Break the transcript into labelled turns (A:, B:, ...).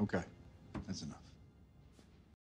A: Okay.